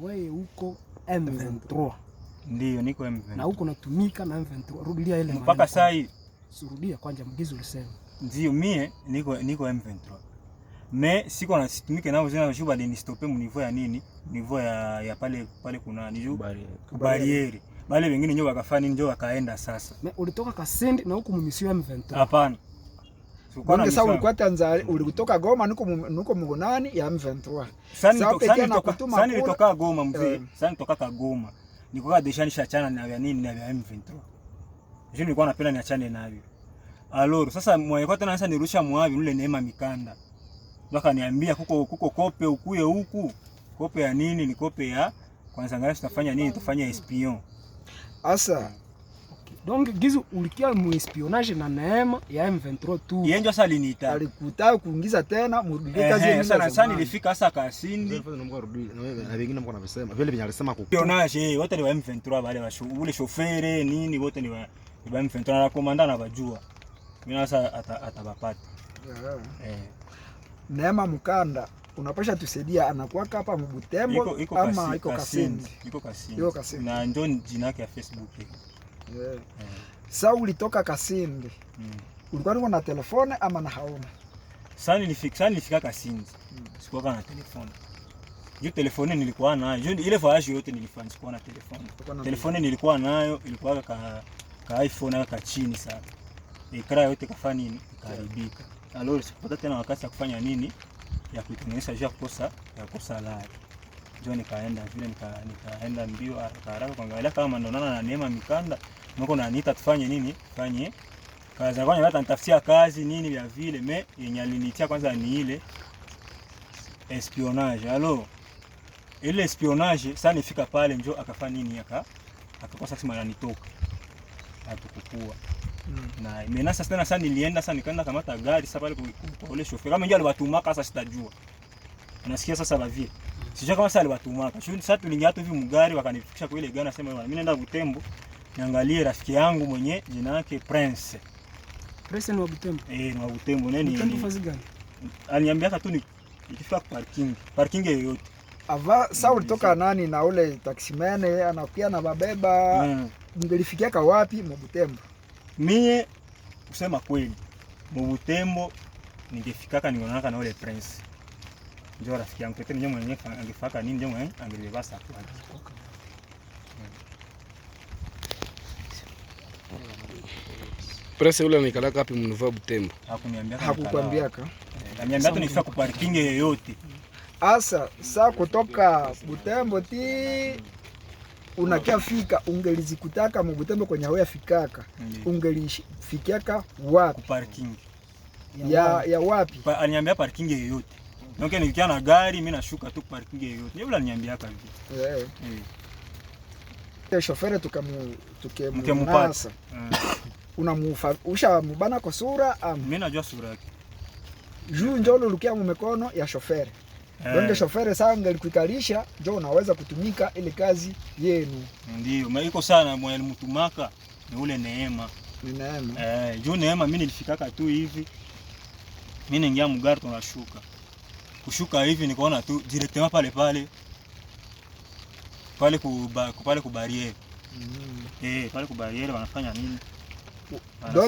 wewe uko M23. Ndio, niko M23. Na huko natumika na M23. Rudia ile mpaka saa hii. Surudia kwanza mgizo ulisema. Ndio, mie niko niko M23. Me siko na situmike nao zina shuba ni nistope mnivo ya nini? Mnivo ya ya pale pale kuna niju barieri. Bale wengine nyo wakafanya njo wakaenda sasa. Me ulitoka Kasindi na huko mumisiwa M23. Hapana. Bonge sawa ulikuwa Tanzania, ulikutoka Goma niko niko mgonani ya M23. Sasa pekee na kutuma sana nilitoka Goma mzee. Eh. Sana nitoka ka Goma. Nilikuwa deshanisha shachana na ya nini na ya M23. Je, nilikuwa napenda niachane navyo. Aloro, sasa mwayeko tena sasa nirusha mwavi nule Neema Mikanda. Baka niambia kuko kuko kope ukuye huku. Kope ya nini? Ni kope ya kwanza ngara tutafanya nini? Tufanya espion. Asa Donc gizu ulikia muespionage na Neema ya M23 tu. Yeye ndio sasa Alikuta kuingiza tena murudie kazi yenyewe. Sana sana nilifika sasa kasindi. Na wengine mko wanasema vile vile alisema ku. Espionage eh, wote ni wa M23 wale wa ule shofere nini wote ni wa M23 na komanda na wajua. Mimi sasa atabapata. Eh. Neema Mkanda unapasha tusaidia, anakuwa hapa Mbutembo ama iko Kasindi? Iko Kasindi. Na ndio jina yake ya Facebook. Yeah. Sasa ulitoka Kasindi. Mm. Ulikuwa uko na telefone ama na hauna? Sasa nilifika, sasa nilifika Kasindi. Mm. Sikuwa na telefone. Hiyo telefone nilikuwa nayo. Hiyo ile voyage yote nilifanya sikuwa na telefone. Telefone nilikuwa nayo, ilikuwa ka, ka iPhone ka chini sana. Ikara yote kafanya nini? Karibika. Alors sikupata tena wakati ya kufanya nini? Ya kutengeneza jua kosa, ya kosa la. Ndio nikaenda vile nikaenda nika mbio haraka haraka kuangalia kama ndonana na Neema Mikanda na unaniita tufanye nini? Fanye kazi. Kwanza hata nitafutia kazi nini ya vile, me yenye alinitia kwanza ni ile espionage. Alo. Ile espionage sasa nifika pale njoo akafanya nini aka akakosa sima ananitoka. Hatukukua. Mm. Na mimi sasa tena sasa nilienda sasa nikaenda kamata gari sasa pale kwa yule shoferi. Kama ndio aliwatumaka sasa sitajua. Unasikia sasa bavie. Mm. Sijua kama sasa aliwatumaka. Shughuli sasa tulinyata hivi mgari wakanifikisha kwa ile gari nasema mimi naenda Butembo niangalie rafiki yangu mwenye jina lake Prince. Prince ni wa Butembo. Eh, ni wa Butembo. Nani? Butembo fazi gani? Aliniambia hata tu ni ikifika parking, parking yoyote. Ava sasa ulitoka nani na ule taximan eh, anapia na babeba. Mm. Ungelifikia ka wapi mwa Butembo? Mie kusema kweli mwa Butembo ningefikaka ningonaka na ule Prince. Njoo rafiki yangu pekee, ndio mwenye angefaka nini, ndio mwenye angelivasa kwa. Presse ule nikalaka api mnuvua Butembo. Hakuniambiaka. Hakukwambiaka. Aniambia tu nifika kuparkinge yoyote. Asa, saa kutoka Butembo ti unakiafika fika ungelizikutaka mu Butembo kwenye wewe fikaka. Ungelifikiaka wapi? Kuparkinge. Ya ya wapi? aniambia parkinge yoyote. Donc nikiwa na gari mimi nashuka tu kuparkinge yoyote. Yule aliniambiaka hivyo. Eh. eh shofere tukemnasa unamufa usha mubana kwa sura am. Mimi najua sura yake juu njo lulukia mumikono ya shofere eh. hey. Onge shofere sanga likuikalisha njo unaweza kutumika ile kazi yenu, ndio maiko sana mwenye mutumaka ni ule neema, ni neema eh, juu neema mimi nilifikaka tu hivi, mimi ningia mugari tunashuka kushuka hivi nikaona tu directement pale pale pale kuba, pale kubariere mm. Mm-hmm. Eh, pale kubariere wanafanya nini? Wanafanya